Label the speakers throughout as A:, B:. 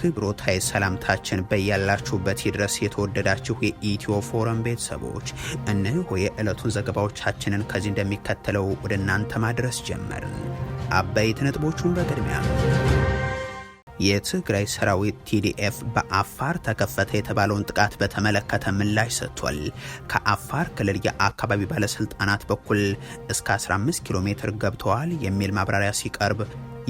A: አክብሮታዊ ሰላምታችን በያላችሁበት ይድረስ። የተወደዳችሁ የኢትዮ ፎረም ቤተሰቦች እነሆ የዕለቱን ዘገባዎቻችንን ከዚህ እንደሚከተለው ወደ እናንተ ማድረስ ጀመርን። አበይት ነጥቦቹን በቅድሚያ የትግራይ ሰራዊት ቲዲኤፍ በአፋር ተከፈተ የተባለውን ጥቃት በተመለከተ ምላሽ ሰጥቷል። ከአፋር ክልል የአካባቢ ባለስልጣናት በኩል እስከ 15 ኪሎ ሜትር ገብተዋል የሚል ማብራሪያ ሲቀርብ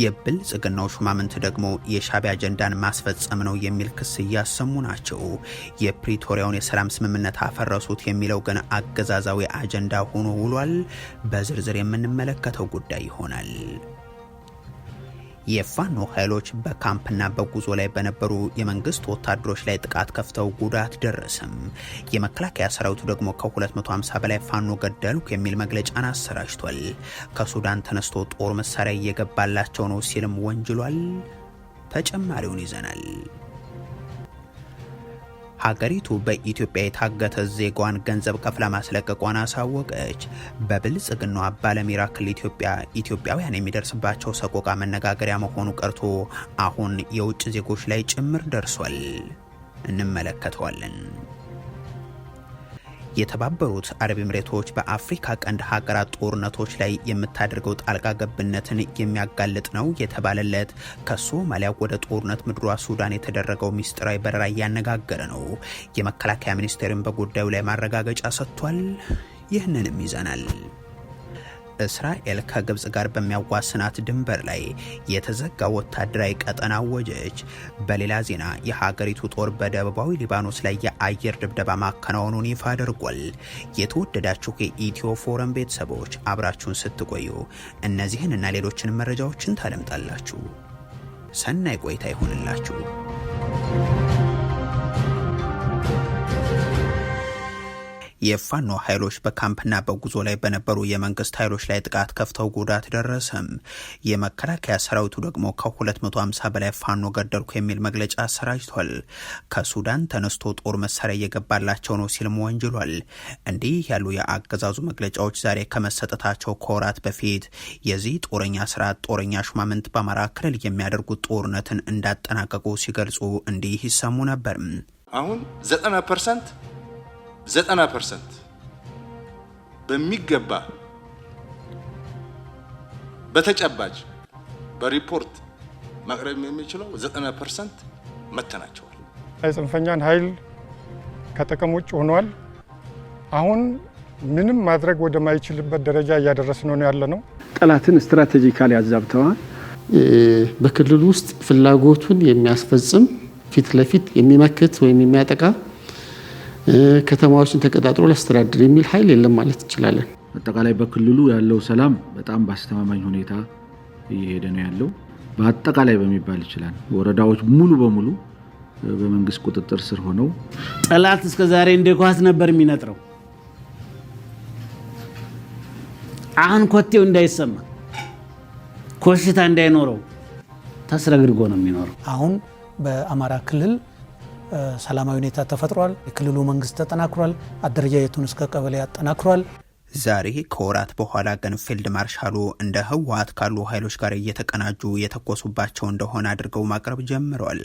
A: የብልጽግናው ሹማምንት ደግሞ የሻቢያ አጀንዳን ማስፈጸም ነው የሚል ክስ እያሰሙ ናቸው። የፕሪቶሪያውን የሰላም ስምምነት አፈረሱት የሚለው ግን አገዛዛዊ አጀንዳ ሆኖ ውሏል። በዝርዝር የምንመለከተው ጉዳይ ይሆናል። የፋኖ ኃይሎች በካምፕና በጉዞ ላይ በነበሩ የመንግስት ወታደሮች ላይ ጥቃት ከፍተው ጉዳት ደረሰም። የመከላከያ ሰራዊቱ ደግሞ ከ250 በላይ ፋኖ ገደሉ የሚል መግለጫን አሰራጅቷል። ከሱዳን ተነስቶ ጦር መሳሪያ እየገባላቸው ነው ሲልም ወንጅሏል። ተጨማሪውን ይዘናል። ሀገሪቱ በኢትዮጵያ የታገተ ዜጓን ገንዘብ ከፍላ ማስለቀቋን አሳወቀች። በብልጽግናዋ ባለሚራክል ኢትዮጵያ ኢትዮጵያውያን የሚደርስባቸው ሰቆቃ መነጋገሪያ መሆኑ ቀርቶ አሁን የውጭ ዜጎች ላይ ጭምር ደርሷል። እንመለከተዋለን። የተባበሩት አረብ ኤምሬቶች በአፍሪካ ቀንድ ሀገራት ጦርነቶች ላይ የምታደርገው ጣልቃ ገብነትን የሚያጋልጥ ነው የተባለለት ከሶማሊያ ወደ ጦርነት ምድሯ ሱዳን የተደረገው ሚስጥራዊ በረራ እያነጋገረ ነው። የመከላከያ ሚኒስቴርን በጉዳዩ ላይ ማረጋገጫ ሰጥቷል። ይህንንም ይዘናል። እስራኤል ከግብፅ ጋር በሚያዋስናት ድንበር ላይ የተዘጋ ወታደራዊ ቀጠና አወጀች። በሌላ ዜና የሀገሪቱ ጦር በደቡባዊ ሊባኖስ ላይ የአየር ድብደባ ማከናወኑን ይፋ አድርጓል። የተወደዳችሁ የኢትዮ ፎረም ቤተሰቦች አብራችሁን ስትቆዩ እነዚህን እና ሌሎችንም መረጃዎችን ታደምጣላችሁ። ሰናይ ቆይታ ይሆንላችሁ። የፋኖ ኃይሎች በካምፕና በጉዞ ላይ በነበሩ የመንግስት ኃይሎች ላይ ጥቃት ከፍተው ጉዳት ደረሰም። የመከላከያ ሰራዊቱ ደግሞ ከ250 በላይ ፋኖ ገደልኩ የሚል መግለጫ አሰራጅቷል። ከሱዳን ተነስቶ ጦር መሳሪያ እየገባላቸው ነው ሲልም ወንጅሏል። እንዲህ ያሉ የአገዛዙ መግለጫዎች ዛሬ ከመሰጠታቸው ከወራት በፊት የዚህ ጦረኛ ስርዓት ጦረኛ ሹማምንት በአማራ ክልል የሚያደርጉት ጦርነትን እንዳጠናቀቁ ሲገልጹ እንዲህ ይሰሙ ነበር።
B: አሁን 90 ፐርሰንት ዘጠና ፐርሰንት በሚገባ በተጨባጭ በሪፖርት ማቅረብ የሚችለው ዘጠና ፐርሰንት መተናቸዋል።
C: የጽንፈኛን ኃይል ከጥቅም ውጭ ሆኗል። አሁን ምንም ማድረግ ወደማይችልበት ደረጃ እያደረስ ነው ያለ ነው።
D: ጠላትን ስትራቴጂካሊ አዛብተዋል።
E: በክልል ውስጥ ፍላጎቱን የሚያስፈጽም ፊት ለፊት የሚመክት ወይም የሚያጠቃ ከተማዎችን ተቀጣጥሮ ሊያስተዳድር የሚል ኃይል የለም ማለት እንችላለን።
F: አጠቃላይ በክልሉ ያለው ሰላም በጣም በአስተማማኝ ሁኔታ እየሄደ ነው ያለው። በአጠቃላይ በሚባል ይችላል ወረዳዎች ሙሉ በሙሉ በመንግስት ቁጥጥር ስር ሆነው
G: ጠላት እስከ ዛሬ እንደ ኳስ ነበር የሚነጥረው። አሁን ኮቴው እንዳይሰማ ኮሽታ እንዳይኖረው ተስረግርጎ ነው የሚኖረው።
H: አሁን በአማራ ክልል ሰላማዊ ሁኔታ ተፈጥሯል። የክልሉ መንግስት ተጠናክሯል። አደረጃጀቱን እስከ ቀበሌ አጠናክሯል።
A: ዛሬ ከወራት በኋላ ግን ፊልድ ማርሻሉ እንደ ህወሀት ካሉ ኃይሎች ጋር እየተቀናጁ የተኮሱባቸው እንደሆነ አድርገው ማቅረብ ጀምረዋል።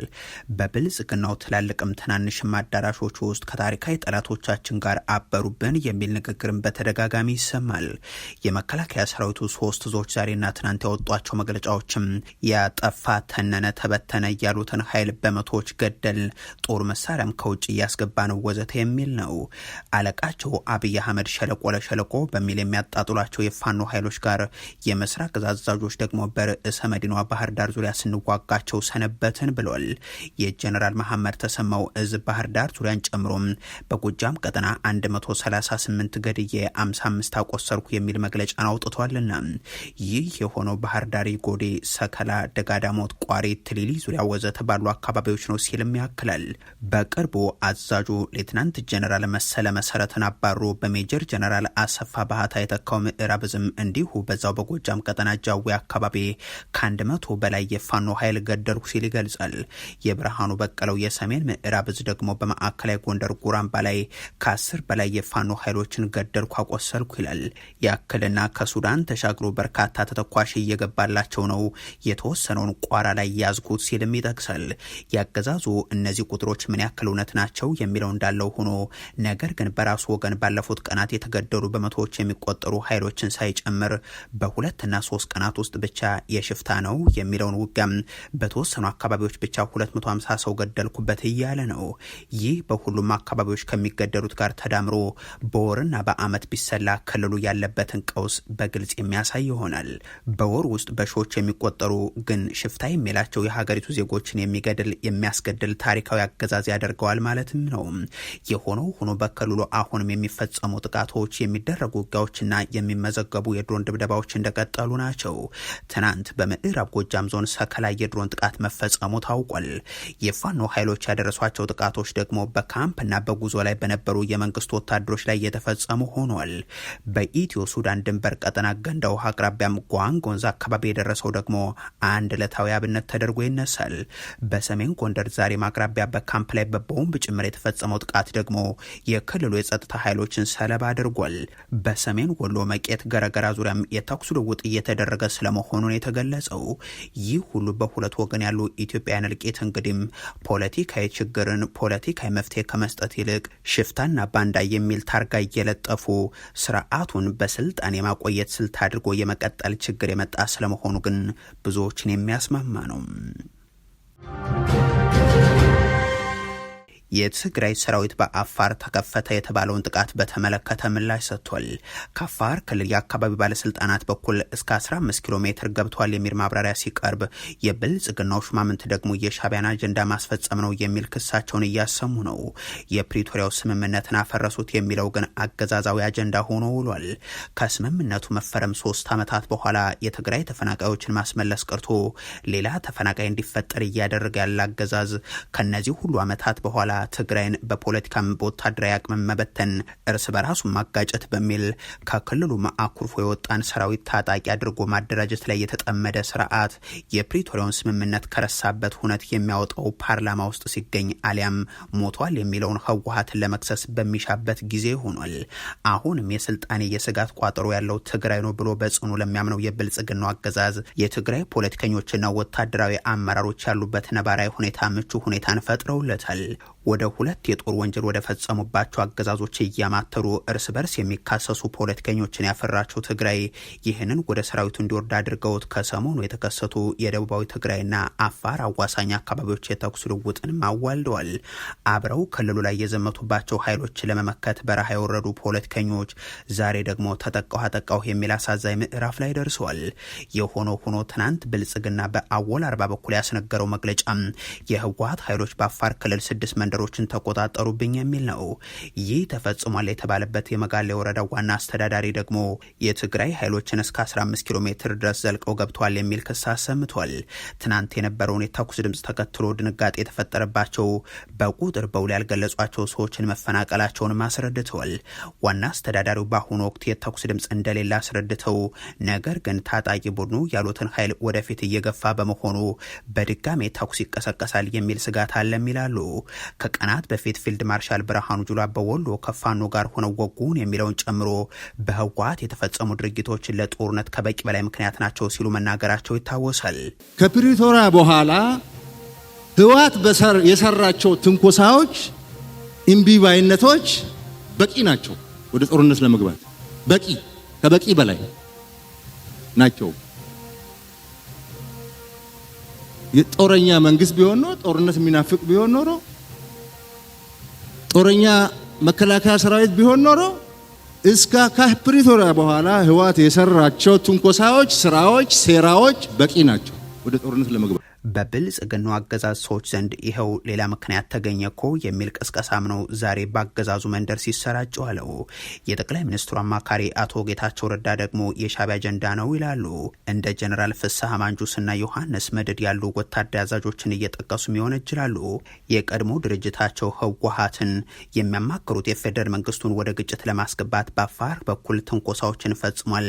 A: በብልጽግናው ትላልቅም ትናንሽም አዳራሾች ውስጥ ከታሪካዊ ጠላቶቻችን ጋር አበሩብን የሚል ንግግርን በተደጋጋሚ ይሰማል። የመከላከያ ሰራዊቱ ሶስት ዞች ዛሬና ትናንት ያወጧቸው መግለጫዎችም ያጠፋ ተነነ፣ ተበተነ እያሉትን ኃይል በመቶዎች ገደል፣ ጦር መሳሪያም ከውጭ እያስገባ ነው ወዘተ የሚል ነው። አለቃቸው አብይ አህመድ ሸለቆ ለሸለቆ በሚል የሚያጣጥሏቸው የፋኖ ኃይሎች ጋር የምስራቅ እዝ አዛዦች ደግሞ በርዕሰ መዲኗ ባህር ዳር ዙሪያ ስንዋጋቸው ሰነበትን ብሏል። የጀነራል መሐመድ ተሰማው እዝ ባህር ዳር ዙሪያን ጨምሮ በጎጃም ቀጠና 138 ገድዬ 55 አቆሰርኩ የሚል መግለጫን አውጥቷልና ይህ የሆነው ባህር ዳር፣ ጎዴ፣ ሰከላ፣ ደጋዳሞት፣ ቋሪ፣ ትሊሊ ዙሪያ ወዘተ ባሉ አካባቢዎች ነው ሲልም ያክላል። በቅርቡ አዛዡ ሌትናንት ጀኔራል መሰለ መሰረትን አባሮ በሜጀር ጀኔራል አሰፋ አሰፋ ባህታ የተካው ምዕራብ እዝም እንዲሁ በዛው በጎጃም ቀጠና ጃዊ አካባቢ ከአንድ መቶ በላይ የፋኖ ኃይል ገደልኩ ሲል ይገልጻል። የብርሃኑ በቀለው የሰሜን ምዕራብ እዝ ደግሞ በማዕከላዊ ጎንደር ጉራምባ ላይ ከአስር በላይ የፋኖ ኃይሎችን ገደልኩ አቆሰልኩ ይላል። ያክልና ከሱዳን ተሻግሮ በርካታ ተተኳሽ እየገባላቸው ነው፣ የተወሰነውን ቋራ ላይ ያዝኩት ሲልም ይጠቅሳል። ያገዛዙ እነዚህ ቁጥሮች ምን ያክል እውነት ናቸው የሚለው እንዳለው ሆኖ ነገር ግን በራሱ ወገን ባለፉት ቀናት የተገደሉ በመቶ በመቶዎች የሚቆጠሩ ኃይሎችን ሳይጨምር በሁለትና ሶስት ቀናት ውስጥ ብቻ የሽፍታ ነው የሚለውን ውጊያም በተወሰኑ አካባቢዎች ብቻ 250 ሰው ገደልኩበት እያለ ነው። ይህ በሁሉም አካባቢዎች ከሚገደሉት ጋር ተዳምሮ በወርና በአመት ቢሰላ ክልሉ ያለበትን ቀውስ በግልጽ የሚያሳይ ይሆናል። በወር ውስጥ በሺዎች የሚቆጠሩ ግን ሽፍታ የሚላቸው የሀገሪቱ ዜጎችን የሚገድል የሚያስገድል ታሪካዊ አገዛዝ ያደርገዋል ማለትም ነው። የሆነው ሆኖ በክልሉ አሁንም የሚፈጸሙ ጥቃቶች የሚደረጉ የሚደረጉ ውጊያዎችና የሚመዘገቡ የድሮን ድብደባዎች እንደቀጠሉ ናቸው። ትናንት በምዕራብ ጎጃም ዞን ሰከላ የድሮን ጥቃት መፈጸሙ ታውቋል። የፋኖ ኃይሎች ያደረሷቸው ጥቃቶች ደግሞ በካምፕና በጉዞ ላይ በነበሩ የመንግስት ወታደሮች ላይ የተፈጸሙ ሆኗል። በኢትዮ ሱዳን ድንበር ቀጠና ገንዳ ውሃ አቅራቢያም ጓን አካባቢ የደረሰው ደግሞ አንድ ዕለታዊ አብነት ተደርጎ ይነሳል። በሰሜን ጎንደር ዛሬም አቅራቢያ በካምፕ ላይ በቦምብ ጭምር የተፈጸመው ጥቃት ደግሞ የክልሉ የጸጥታ ኃይሎችን ሰለባ አድርጓል። በሰሜን ወሎ መቄት ገረገራ ዙሪያም የተኩስ ልውውጥ እየተደረገ ስለመሆኑን የተገለጸው ይህ ሁሉ በሁለት ወገን ያሉ ኢትዮጵያውያን እልቂት እንግዲህም ፖለቲካዊ ችግርን ፖለቲካዊ መፍትሄ ከመስጠት ይልቅ ሽፍታና ባንዳ የሚል ታርጋ እየለጠፉ ስርዓቱን በስልጣን የማቆየት ስልት አድርጎ የመቀጠል ችግር የመጣ ስለመሆኑ ግን ብዙዎችን የሚያስማማ ነው። የትግራይ ሰራዊት በአፋር ተከፈተ የተባለውን ጥቃት በተመለከተ ምላሽ ሰጥቷል። ከአፋር ክልል የአካባቢ ባለስልጣናት በኩል እስከ 15 ኪሎ ሜትር ገብቷል የሚል ማብራሪያ ሲቀርብ የብልጽግናው ሹማምንት ደግሞ የሻቢያን አጀንዳ ማስፈጸም ነው የሚል ክሳቸውን እያሰሙ ነው። የፕሪቶሪያው ስምምነትን አፈረሱት የሚለው ግን አገዛዛዊ አጀንዳ ሆኖ ውሏል። ከስምምነቱ መፈረም ሶስት ዓመታት በኋላ የትግራይ ተፈናቃዮችን ማስመለስ ቀርቶ ሌላ ተፈናቃይ እንዲፈጠር እያደረገ ያለ አገዛዝ ከነዚህ ሁሉ ዓመታት በኋላ ትግራይን በፖለቲካም በወታደራዊ አቅም መበተን፣ እርስ በራሱ ማጋጨት በሚል ከክልሉ አኩርፎ የወጣን ሰራዊት ታጣቂ አድርጎ ማደራጀት ላይ የተጠመደ ስርዓት የፕሪቶሪያውን ስምምነት ከረሳበት ሁነት የሚያወጣው ፓርላማ ውስጥ ሲገኝ አሊያም ሞቷል የሚለውን ህወሀትን ለመክሰስ በሚሻበት ጊዜ ሆኗል። አሁንም የስልጣኔ የስጋት ቋጠሮ ያለው ትግራይ ነው ብሎ በጽኑ ለሚያምነው የብልጽግናው አገዛዝ የትግራይ ፖለቲከኞችና ወታደራዊ አመራሮች ያሉበት ነባራዊ ሁኔታ ምቹ ሁኔታን ፈጥረውለታል። ወደ ሁለት የጦር ወንጀል ወደ ፈጸሙባቸው አገዛዞች እያማተሩ እርስ በርስ የሚካሰሱ ፖለቲከኞችን ያፈራቸው ትግራይ ይህንን ወደ ሰራዊቱ እንዲወርድ አድርገውት ከሰሞኑ የተከሰቱ የደቡባዊ ትግራይና አፋር አዋሳኝ አካባቢዎች የተኩስ ልውውጥንም አዋልደዋል። አብረው ክልሉ ላይ የዘመቱባቸው ኃይሎች ለመመከት በረሃ የወረዱ ፖለቲከኞች ዛሬ ደግሞ ተጠቃሁ አጠቃሁ የሚል አሳዛኝ ምዕራፍ ላይ ደርሰዋል። የሆነ ሆኖ ትናንት ብልጽግና በአወል አርባ በኩል ያስነገረው መግለጫ የህወሀት ኃይሎች በአፋር ክልል ስድስት መንደ ነገሮችን ተቆጣጠሩብኝ የሚል ነው። ይህ ተፈጽሟል የተባለበት የመጋሌ ወረዳ ዋና አስተዳዳሪ ደግሞ የትግራይ ኃይሎችን እስከ 15 ኪሎ ሜትር ድረስ ዘልቀው ገብተዋል የሚል ክስ አሰምቷል። ትናንት የነበረውን የተኩስ ድምፅ ተከትሎ ድንጋጤ የተፈጠረባቸው በቁጥር በውል ያልገለጿቸው ሰዎችን መፈናቀላቸውን አስረድተዋል። ዋና አስተዳዳሪው በአሁኑ ወቅት የተኩስ ድምፅ እንደሌለ አስረድተው ነገር ግን ታጣቂ ቡድኑ ያሉትን ኃይል ወደፊት እየገፋ በመሆኑ በድጋሜ ተኩስ ይቀሰቀሳል የሚል ስጋት አለም ይላሉ። ከቀናት በፊት ፊልድ ማርሻል ብርሃኑ ጁላ በወሎ ከፋኖ ጋር ሆነው ወጉን የሚለውን ጨምሮ በህወሓት የተፈጸሙ ድርጊቶች ለጦርነት ከበቂ በላይ ምክንያት ናቸው ሲሉ መናገራቸው ይታወሳል።
I: ከፕሪቶሪያ በኋላ ህወሓት የሰራቸው ትንኮሳዎች፣ እምቢባይነቶች በቂ ናቸው ወደ ጦርነት ለመግባት በቂ ከበቂ በላይ ናቸው። የጦረኛ መንግስት ቢሆን ኖሮ ጦርነት የሚናፍቅ ቢሆን ኖሮ ጦረኛ መከላከያ ሰራዊት ቢሆን ኖሮ እስከ ከፕሪቶሪያ በኋላ ህወሓት የሰራቸው ትንኮሳዎች፣ ስራዎች፣ ሴራዎች በቂ ናቸው ወደ ጦርነት ለመግባት
A: በብልጽግናው አገዛዝ ሰዎች ዘንድ ይኸው ሌላ ምክንያት ተገኘ እኮ የሚል ቅስቀሳም ነው ዛሬ በአገዛዙ መንደር ሲሰራጭ አለው። የጠቅላይ ሚኒስትሩ አማካሪ አቶ ጌታቸው ረዳ ደግሞ የሻቢያ አጀንዳ ነው ይላሉ። እንደ ጀኔራል ፍስሐ ማንጁስና ዮሐንስ መድድ ያሉ ወታደር አዛዦችን እየጠቀሱም ይወነጅላሉ። የቀድሞ ድርጅታቸው ህወሀትን የሚያማክሩት የፌዴራል መንግስቱን ወደ ግጭት ለማስገባት በአፋር በኩል ትንኮሳዎችን ፈጽሟል።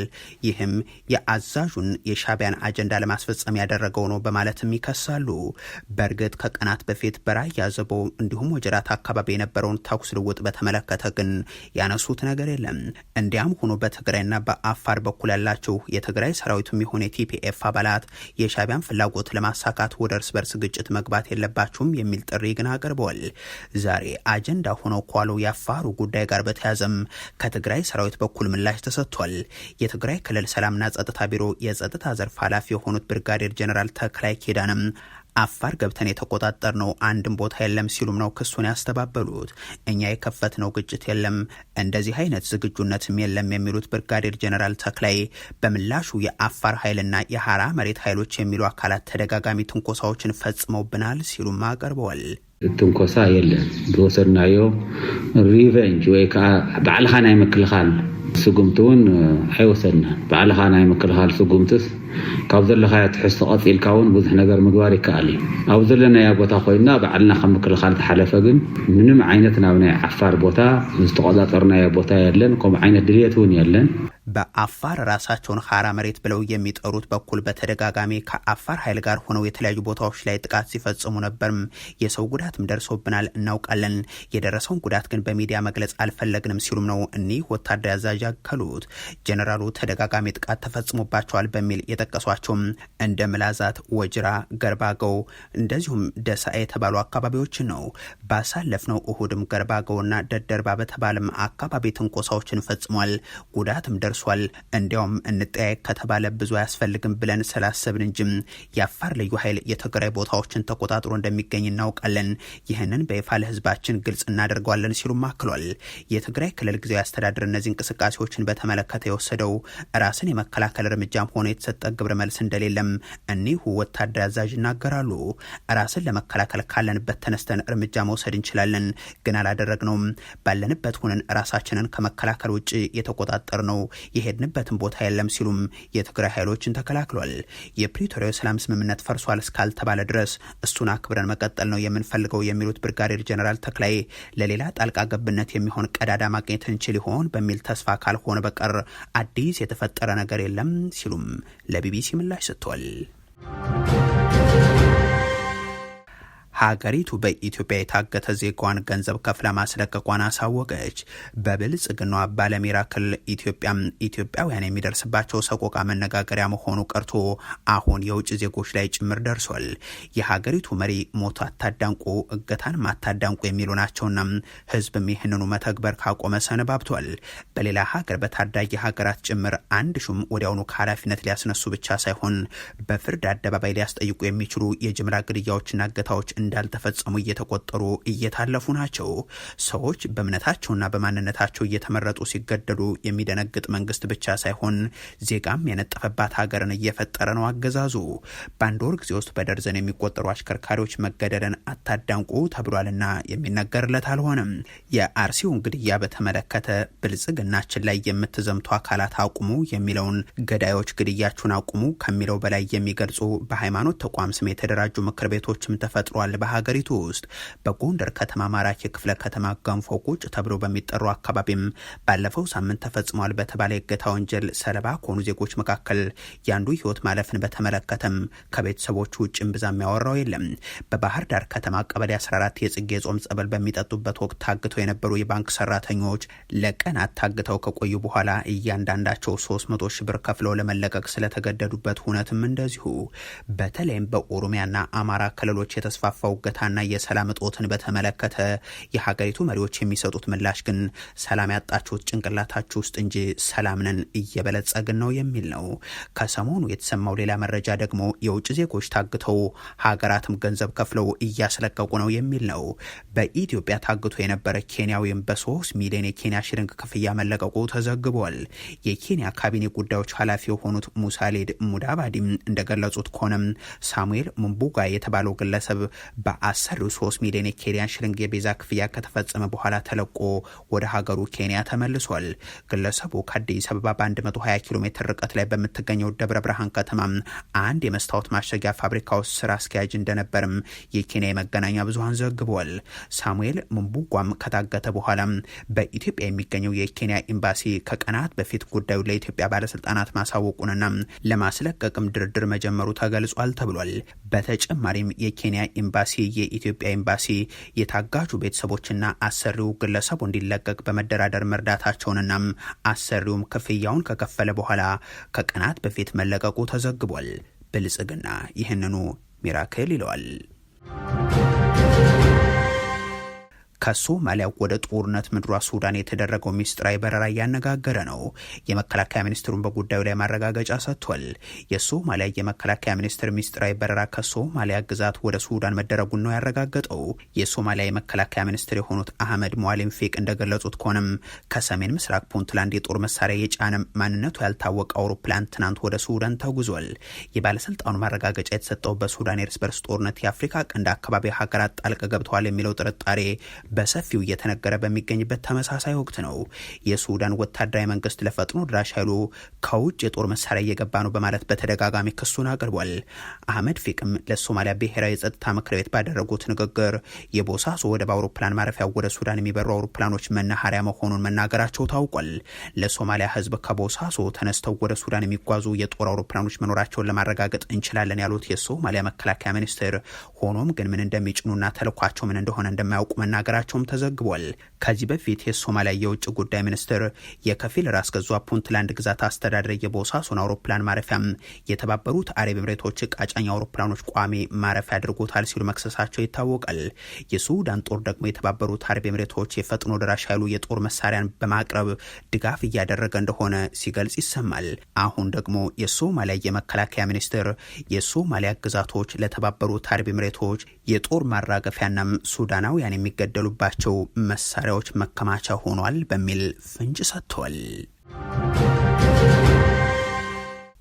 A: ይህም የአዛዡን የሻቢያን አጀንዳ ለማስፈጸም ያደረገው ነው በማለትም ይከሳሉ። በእርግጥ ከቀናት በፊት በራያ ዘቦ እንዲሁም ወጀራት አካባቢ የነበረውን ተኩስ ልውጥ በተመለከተ ግን ያነሱት ነገር የለም። እንዲያም ሆኖ በትግራይና በአፋር በኩል ያላቸው የትግራይ ሰራዊቱም የሆነ የቲፒኤፍ አባላት የሻቢያን ፍላጎት ለማሳካት ወደ እርስ በርስ ግጭት መግባት የለባችሁም የሚል ጥሪ ግን አቅርበዋል። ዛሬ አጀንዳ ሆነው ኳሉ የአፋሩ ጉዳይ ጋር በተያዘም ከትግራይ ሰራዊት በኩል ምላሽ ተሰጥቷል። የትግራይ ክልል ሰላምና ጸጥታ ቢሮ የጸጥታ ዘርፍ ኃላፊ የሆኑት ብርጋዴር ጀኔራል ተክላይ ኪዳነ አፋር ገብተን ነው አንድም ቦታ የለም ሲሉም ነው ክሱን ያስተባበሉት። እኛ የከፈትነው ግጭት የለም፣ እንደዚህ አይነት ዝግጁነትም የለም የሚሉት ብርጋዴር ጀነራል ተክላይ በምላሹ የአፋር ኃይልና የሀራ መሬት ኃይሎች የሚሉ አካላት ተደጋጋሚ ትንኮሳዎችን ፈጽመውብናል ሲሉም አቀርበዋል።
J: ትንኮሳ የለን ብወሰድናዮ ሪቨንጅ ወይ ከዓ ባዕልኻ ናይ ምክልኻል ስጉምቲ እውን ኣይወሰድናን ባዕልኻ ናይ ምክልኻል ስጉምትስ ካብ ዘለካ ትሕሶ ቀፂልካ እውን ብዙሕ ነገር ምግባር ይከኣል እዩ ኣብ ዘለናያ ቦታ ኮይና ባዕልና ከም ምክልኻል ዝሓለፈ ግን ምንም ዓይነት ናብ ናይ ዓፋር ቦታ ዝተቆፃፀርናዮ ቦታ የለን ከምኡ ዓይነት ድልየት እውን የለን
A: በአፋር ራሳቸውን ሀራ መሬት ብለው የሚጠሩት በኩል በተደጋጋሚ ከአፋር ኃይል ጋር ሆነው የተለያዩ ቦታዎች ላይ ጥቃት ሲፈጽሙ ነበርም። የሰው ጉዳትም ደርሶብናል እናውቃለን። የደረሰውን ጉዳት ግን በሚዲያ መግለጽ አልፈለግንም ሲሉም ነው እኒህ ወታደር አዛዥ ያከሉት። ጀነራሉ ተደጋጋሚ ጥቃት ተፈጽሞባቸዋል በሚል የጠቀሷቸውም እንደ ምላዛት፣ ወጅራ፣ ገርባገው እንደዚሁም ደሳ የተባሉ አካባቢዎች ነው። ባሳለፍነው እሁድም ገርባገውና ደደርባ በተባለም አካባቢ ትንኮሳዎችን ፈጽሟል። ጉዳትም ደርሶ ደርሷል። እንዲያውም እንጠያየቅ ከተባለ ብዙ አያስፈልግም ብለን ስላሰብን እንጂም የአፋር ልዩ ኃይል የትግራይ ቦታዎችን ተቆጣጥሮ እንደሚገኝ እናውቃለን። ይህንን በይፋ ለህዝባችን ግልጽ እናደርገዋለን ሲሉም አክሏል። የትግራይ ክልል ጊዜያዊ አስተዳደር እነዚህ እንቅስቃሴዎችን በተመለከተ የወሰደው ራስን የመከላከል እርምጃም ሆነ የተሰጠ ግብረ መልስ እንደሌለም እኒሁ ወታደር አዛዥ ይናገራሉ። ራስን ለመከላከል ካለንበት ተነስተን እርምጃ መውሰድ እንችላለን፣ ግን አላደረግነውም። ባለንበት ሆነን ራሳችንን ከመከላከል ውጭ የተቆጣጠር ነው የሄድንበትን ቦታ የለም ሲሉም የትግራይ ኃይሎችን ተከላክሏል። የፕሪቶሪያ ሰላም ስምምነት ፈርሷል እስካልተባለ ድረስ እሱን አክብረን መቀጠል ነው የምንፈልገው የሚሉት ብርጋዴር ጀኔራል ተክላይ ለሌላ ጣልቃ ገብነት የሚሆን ቀዳዳ ማግኘት እንችል ይሆን በሚል ተስፋ ካልሆነ በቀር አዲስ የተፈጠረ ነገር የለም ሲሉም ለቢቢሲ ምላሽ ሰጥቷል። ሀገሪቱ በኢትዮጵያ የታገተ ዜጋዋን ገንዘብ ከፍላ ማስለቀቋን አሳወቀች። በብልጽግናዋ ባለሜራ ክልል ኢትዮጵያም ኢትዮጵያውያን የሚደርስባቸው ሰቆቃ መነጋገሪያ መሆኑ ቀርቶ አሁን የውጭ ዜጎች ላይ ጭምር ደርሷል። የሀገሪቱ መሪ ሞት አታዳንቁ፣ እገታን ማታዳንቁ የሚሉ ናቸውና ህዝብም ይህንኑ መተግበር ካቆመ ሰነባብቷል። በሌላ ሀገር በታዳጊ ሀገራት ጭምር አንድ ሹም ወዲያውኑ ከኃላፊነት ሊያስነሱ ብቻ ሳይሆን በፍርድ አደባባይ ሊያስጠይቁ የሚችሉ የጅምላ ግድያዎችና እገታዎች እንዳልተፈጸሙ እየተቆጠሩ እየታለፉ ናቸው። ሰዎች በእምነታቸውና በማንነታቸው እየተመረጡ ሲገደሉ የሚደነግጥ መንግስት ብቻ ሳይሆን ዜጋም የነጠፈባት ሀገርን እየፈጠረ ነው አገዛዙ። በአንድ ወር ጊዜ ውስጥ በደርዘን የሚቆጠሩ አሽከርካሪዎች መገደልን አታዳንቁ ተብሏልና የሚነገርለት አልሆነም። የአርሲውን ግድያ በተመለከተ ብልጽግናችን ላይ የምትዘምቱ አካላት አቁሙ የሚለውን ገዳዮች ግድያችሁን አቁሙ ከሚለው በላይ የሚገልጹ በሃይማኖት ተቋም ስም የተደራጁ ምክር ቤቶችም ተፈጥሯል በሀገሪቱ ውስጥ በጎንደር ከተማ ማራኪ ክፍለ ከተማ ገንፎ ቁጭ ተብሎ በሚጠሩ አካባቢም ባለፈው ሳምንት ተፈጽሟል በተባለ የእገታ ወንጀል ሰለባ ከሆኑ ዜጎች መካከል ያንዱ ህይወት ማለፍን በተመለከተም ከቤተሰቦቹ ውጭ እምብዛ የሚያወራው የለም። በባህር ዳር ከተማ ቀበሌ 14 የጽጌ ጾም ጸበል በሚጠጡበት ወቅት ታግተው የነበሩ የባንክ ሰራተኞች ለቀናት ታግተው ከቆዩ በኋላ እያንዳንዳቸው 300 ሺ ብር ከፍለው ለመለቀቅ ስለተገደዱበት ሁነትም እንደዚሁ በተለይም በኦሮሚያና አማራ ክልሎች የተስፋፋ የተስፋው የሰላም እጦትን በተመለከተ የሀገሪቱ መሪዎች የሚሰጡት ምላሽ ግን ሰላም ያጣችሁት ጭንቅላታችሁ ውስጥ እንጂ ሰላምንን እየበለጸግን ነው የሚል ነው። ከሰሞኑ የተሰማው ሌላ መረጃ ደግሞ የውጭ ዜጎች ታግተው ሀገራትም ገንዘብ ከፍለው እያስለቀቁ ነው የሚል ነው። በኢትዮጵያ ታግቶ የነበረ ኬንያዊም በሶስት ሚሊዮን የኬንያ ሽሪንግ ክፍያ መለቀቁ ተዘግቧል። የኬንያ ካቢኔ ጉዳዮች ኃላፊ የሆኑት ሙሳሌድ ሙዳባዲም እንደገለጹት ከሆነም ሳሙኤል ሙምቡጋ የተባለው ግለሰብ በአሰሪው 3 ሚሊዮን የኬንያ ሽልንግ የቤዛ ክፍያ ከተፈጸመ በኋላ ተለቆ ወደ ሀገሩ ኬንያ ተመልሷል። ግለሰቡ ከአዲስ አበባ በ120 ኪሎ ሜትር ርቀት ላይ በምትገኘው ደብረ ብርሃን ከተማ አንድ የመስታወት ማሸጊያ ፋብሪካ ውስጥ ስራ አስኪያጅ እንደነበርም የኬንያ የመገናኛ ብዙሀን ዘግቧል። ሳሙኤል ሙንቡጓም ከታገተ በኋላ በኢትዮጵያ የሚገኘው የኬንያ ኤምባሲ ከቀናት በፊት ጉዳዩ ለኢትዮጵያ ባለስልጣናት ማሳወቁንና ለማስለቀቅም ድርድር መጀመሩ ተገልጿል ተብሏል። በተጨማሪም የኬንያ ኤምባሲ ኤምባሲ የኢትዮጵያ ኤምባሲ የታጋጁ ቤተሰቦችና አሰሪው ግለሰቡ እንዲለቀቅ በመደራደር መርዳታቸውንና አሰሪውም ክፍያውን ከከፈለ በኋላ ከቀናት በፊት መለቀቁ ተዘግቧል። ብልጽግና ይህንኑ ሚራክል ይለዋል። ከሶማሊያ ወደ ጦርነት ምድሯ ሱዳን የተደረገው ሚስጥራዊ በረራ እያነጋገረ ነው። የመከላከያ ሚኒስትሩን በጉዳዩ ላይ ማረጋገጫ ሰጥቷል። የሶማሊያ የመከላከያ ሚኒስትር ሚስጥራዊ በረራ ከሶማሊያ ግዛት ወደ ሱዳን መደረጉን ነው ያረጋገጠው። የሶማሊያ የመከላከያ ሚኒስትር የሆኑት አህመድ ሞአሊም ፌቅ እንደገለጹት ከሆነም ከሰሜን ምስራቅ ፑንትላንድ የጦር መሳሪያ የጫነ ማንነቱ ያልታወቀ አውሮፕላን ትናንት ወደ ሱዳን ተጉዟል። የባለስልጣኑ ማረጋገጫ የተሰጠው በሱዳን የእርስ በርስ ጦርነት የአፍሪካ ቀንድ አካባቢ ሀገራት ጣልቃ ገብተዋል የሚለው ጥርጣሬ በሰፊው እየተነገረ በሚገኝበት ተመሳሳይ ወቅት ነው የሱዳን ወታደራዊ መንግስት ለፈጥኖ ድራሽ ኃይሉ ከውጭ የጦር መሳሪያ እየገባ ነው በማለት በተደጋጋሚ ክሱን አቅርቧል። አህመድ ፊቅም ለሶማሊያ ብሔራዊ የጸጥታ ምክር ቤት ባደረጉት ንግግር የቦሳሶ ወደብ አውሮፕላን ማረፊያ ወደ ሱዳን የሚበሩ አውሮፕላኖች መናኸሪያ መሆኑን መናገራቸው ታውቋል። ለሶማሊያ ህዝብ ከቦሳሶ ተነስተው ወደ ሱዳን የሚጓዙ የጦር አውሮፕላኖች መኖራቸውን ለማረጋገጥ እንችላለን ያሉት የሶማሊያ መከላከያ ሚኒስትር፣ ሆኖም ግን ምን እንደሚጭኑና ተልኳቸው ምን እንደሆነ እንደማያውቁ መናገራቸው መሆናቸውም ተዘግቧል። ከዚህ በፊት የሶማሊያ የውጭ ጉዳይ ሚኒስትር የከፊል ራስ ገዟ ፑንትላንድ ግዛት አስተዳደር የቦሳሶን አውሮፕላን ማረፊያም የተባበሩት አረብ ኤምሬቶች ቃጫኝ አውሮፕላኖች ቋሚ ማረፊያ አድርጎታል ሲሉ መክሰሳቸው ይታወቃል። የሱዳን ጦር ደግሞ የተባበሩት አረብ ኤምሬቶች የፈጥኖ ደራሽ ኃይሉ የጦር መሳሪያን በማቅረብ ድጋፍ እያደረገ እንደሆነ ሲገልጽ ይሰማል። አሁን ደግሞ የሶማሊያ የመከላከያ ሚኒስትር የሶማሊያ ግዛቶች ለተባበሩት አረብ ኤምሬቶች የጦር ማራገፊያናም ሱዳናውያን የሚገደሉባቸው መሳሪያዎች መከማቻ ሆኗል በሚል ፍንጭ ሰጥተዋል።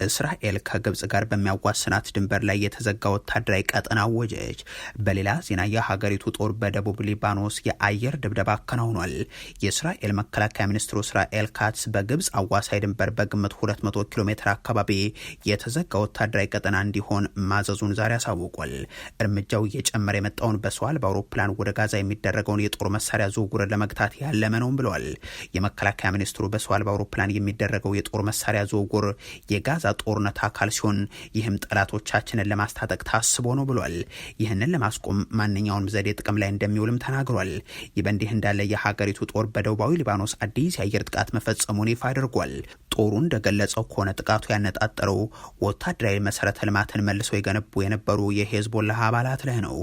A: እስራኤል ከግብጽ ጋር በሚያዋስናት ድንበር ላይ የተዘጋ ወታደራዊ ቀጠና አወጀች። በሌላ ዜና የሀገሪቱ ጦር በደቡብ ሊባኖስ የአየር ድብደባ አከናውኗል። የእስራኤል መከላከያ ሚኒስትሩ እስራኤል ካትስ በግብጽ አዋሳይ ድንበር በግምት 200 ኪሎ ሜትር አካባቢ የተዘጋ ወታደራዊ ቀጠና እንዲሆን ማዘዙን ዛሬ አሳውቋል። እርምጃው እየጨመረ የመጣውን በሰው አልባ አውሮፕላን ወደ ጋዛ የሚደረገውን የጦር መሳሪያ ዝውውርን ለመግታት ያለመ ነውም ብለዋል። የመከላከያ ሚኒስትሩ በሰው አልባ አውሮፕላን የሚደረገው የጦር መሳሪያ ዝውውር የጋዛ ጦርነት አካል ሲሆን ይህም ጠላቶቻችንን ለማስታጠቅ ታስቦ ነው ብሏል። ይህንን ለማስቆም ማንኛውንም ዘዴ ጥቅም ላይ እንደሚውልም ተናግሯል። ይህ በእንዲህ እንዳለ የሀገሪቱ ጦር በደቡባዊ ሊባኖስ አዲስ የአየር ጥቃት መፈጸሙን ይፋ አድርጓል። ጦሩ እንደገለጸው ከሆነ ጥቃቱ ያነጣጠረው ወታደራዊ መሰረተ ልማትን መልሰው የገነቡ የነበሩ የሄዝቦላ አባላት ላይ ነው።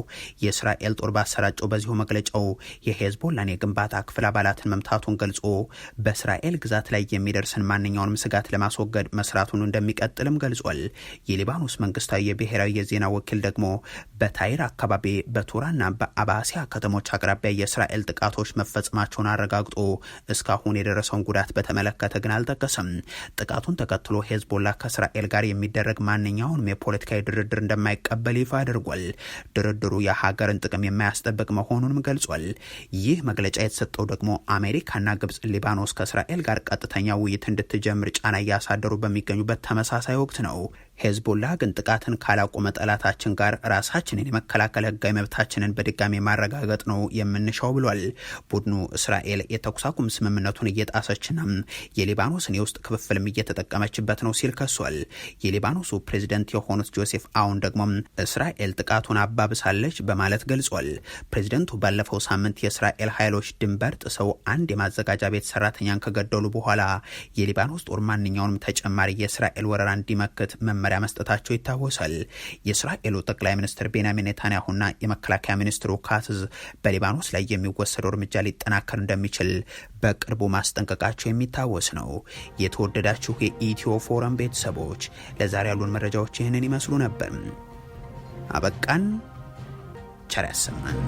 A: የእስራኤል ጦር ባሰራጨው በዚሁ መግለጫው የሄዝቦላን የግንባታ ክፍል አባላትን መምታቱን ገልጾ በእስራኤል ግዛት ላይ የሚደርስን ማንኛውንም ስጋት ለማስወገድ መስራቱን እንደሚ እንደሚቀጥልም ገልጿል። የሊባኖስ መንግስታዊ የብሔራዊ የዜና ወኪል ደግሞ በታይር አካባቢ በቱራና በአባሲያ ከተሞች አቅራቢያ የእስራኤል ጥቃቶች መፈጸማቸውን አረጋግጦ እስካሁን የደረሰውን ጉዳት በተመለከተ ግን አልጠቀሰም። ጥቃቱን ተከትሎ ሄዝቦላ ከእስራኤል ጋር የሚደረግ ማንኛውንም የፖለቲካዊ ድርድር እንደማይቀበል ይፋ አድርጓል። ድርድሩ የሀገርን ጥቅም የማያስጠብቅ መሆኑንም ገልጿል። ይህ መግለጫ የተሰጠው ደግሞ አሜሪካና ግብጽ ሊባኖስ ከእስራኤል ጋር ቀጥተኛ ውይይት እንድትጀምር ጫና እያሳደሩ በሚገኙበት ተመ ተመሳሳይ ወቅት ነው። ሄዝቦላ ግን ጥቃትን ካላቆመ ጠላታችን ጋር ራሳችንን የመከላከል ህጋዊ መብታችንን በድጋሚ ማረጋገጥ ነው የምንሻው ብሏል። ቡድኑ እስራኤል የተኩስ አቁም ስምምነቱን እየጣሰችና የሊባኖስን የውስጥ ክፍፍልም እየተጠቀመችበት ነው ሲል ከሷል። የሊባኖሱ ፕሬዚደንት የሆኑት ጆሴፍ አውን ደግሞ እስራኤል ጥቃቱን አባብሳለች በማለት ገልጿል። ፕሬዚደንቱ ባለፈው ሳምንት የእስራኤል ኃይሎች ድንበር ጥሰው አንድ የማዘጋጃ ቤት ሰራተኛን ከገደሉ በኋላ የሊባኖስ ጦር ማንኛውንም ተጨማሪ የእስራኤል ወረራ እንዲመክት መ መመሪያ መስጠታቸው ይታወሳል። የእስራኤሉ ጠቅላይ ሚኒስትር ቤንያሚን ኔታንያሁና የመከላከያ ሚኒስትሩ ካትዝ በሊባኖስ ላይ የሚወሰደው እርምጃ ሊጠናከር እንደሚችል በቅርቡ ማስጠንቀቃቸው የሚታወስ ነው። የተወደዳችሁ የኢትዮ ፎረም ቤተሰቦች ለዛሬ ያሉን መረጃዎች ይህንን ይመስሉ ነበር። አበቃን። ቸር ያሰማን።